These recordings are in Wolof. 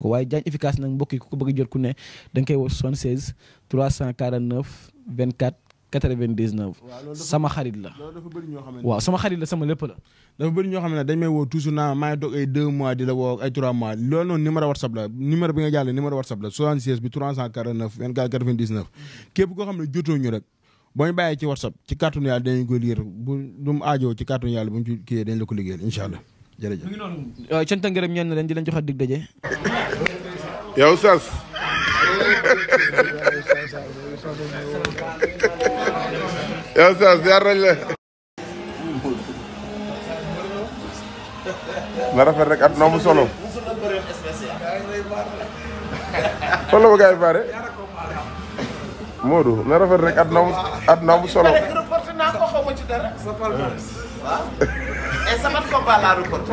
waaye Diagne efficace nag mbokk yi ku ko bëgg jot ku ne da nga koy sama xarit la waaw sama xarit la sama lépp la. dafa bëri ñoo xam ne dañ may woo toujours naa maa ngi toog ay 2 mois di la woo ay mois loolu noonu numéro whatsapp la numéro bi nga jàll numéro whatsapp la 76 mm-hmm. xam ne jotoo ñu rek. boo ñu ci whatsapp ci kàttanu yàlla dinañ ko liir bu lu mu aajoo ci kàttanu yàlla bu ñu ci kiyee dañ la ko liggéeyal allah jërëjëf. mi ngi noonu cant di leen joxe dig Eu sou. Eu sou Zé nga rafet rek at noomu solo solo ba gaay bare Modou na rafet rek at noomu at noomu solo reporté naa ko xaw ma ci dara sa palmarès waaw et sama combat laa reporté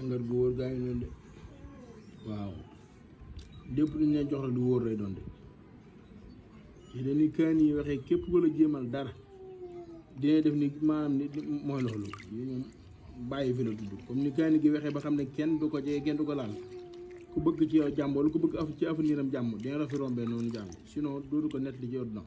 càngar gu wóor gaa ngi noonu de waaw lépp lu ñu jox la lu wóor lay doon de te dañuy kaan yi waxee képp ku la jéemal dara dina def ni maanaam ni mooy loolu bàyyi fi la tudd comme ni kaan gi wexee ba xam ne kenn du ko jege kenn du ko laal ku bëgg ci yow jàmm wala jàmm dina la fi rombee noonu jàmm sinon dootu ko nett li ci ordinam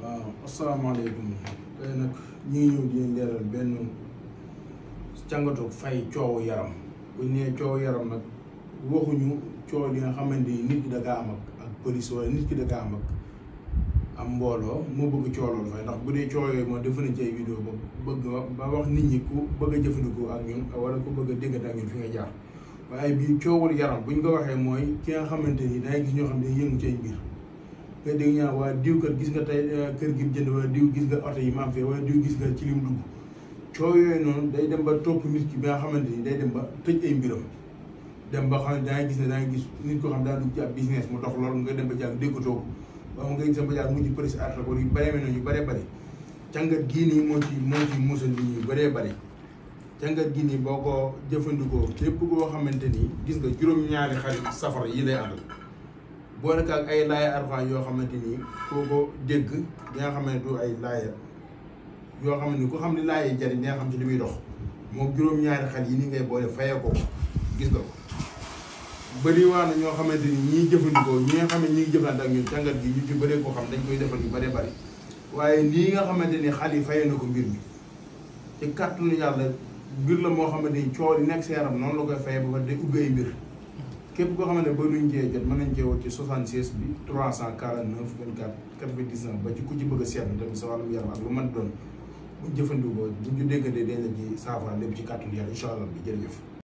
waaw asalaamaaleykum tey nag ñi ñëw di leeral benn jàngatu fay coowu yaram buñ nee coowu yaram nag waxuñu coow li nga xamante ni nit ki da am ak police wala nit ki da am ak am mbooloo moo bëgg coow loolu fay ndax bu dee coow yooyu moom wax nit ñi ku bëgg a jëfandikoo ak ñun wala ku bëgg a déggante ak ñun fi nga jaar waaye bii coowul yaram ñu ko waxee mooy ki nga xamante ni dangay gis ñoo xam ne yëngu ci ay mbir nga dégg ñaar waa diw kat gis nga tey kër gi jënd wala diw gis nga oto yi maam fee wala gis nga ci soo yooyu noonu day dem ba topp nit ki bi nga xamante ni day dem ba tëj ay mbiram dem ba xam ne dangay gis ne dangay gis nit ko xam daa dugg ci ab business mu dox loolu nga dem ba jàng déggatoo ko waaw nga gis ba jàng mujj presse àll ko yu bare mel ñu bare bare càngat gii nii moo ci moo ci musal nit ñi bare bare càngat boo ko jëfandikoo képp koo xamante ni gis nga juróom-ñaari xarit safar yi lay àndal boole ak ay laaya arfan yoo xamante ni koo ko dégg bi nga xam ne du ay laaya yoo xam ne ku xam ne laay jariñ dina xam ci li muy dox moo juróom-ñaari xel yi ni ngay boole fayee ko gis nga ko bëri waa na ñoo xamante ni ñiy jëfandikoo ñi nga xam ne ñi ngi jëfandikoo ak ñun càngat gi ñu ci bëree ko dañ koy defal ñu bëree bëri waaye lii nga xamante ni xal yi fayee na ko mbir mi ci kàttanu yàlla mbir la moo xamante ni coow li nekk sa noonu la koy fayee ba pare day koo xam ne ba nuñ cee jot mën nañ cee ci 76 bi 349 24 99 ku ci bëgg a seetlu tamit sa wàllum yaram ak lu mën doon bu jëfandikoo bu ñu déggante dina ji saafara lépp ci kàttu yàlla incha allah bi jërëjëf.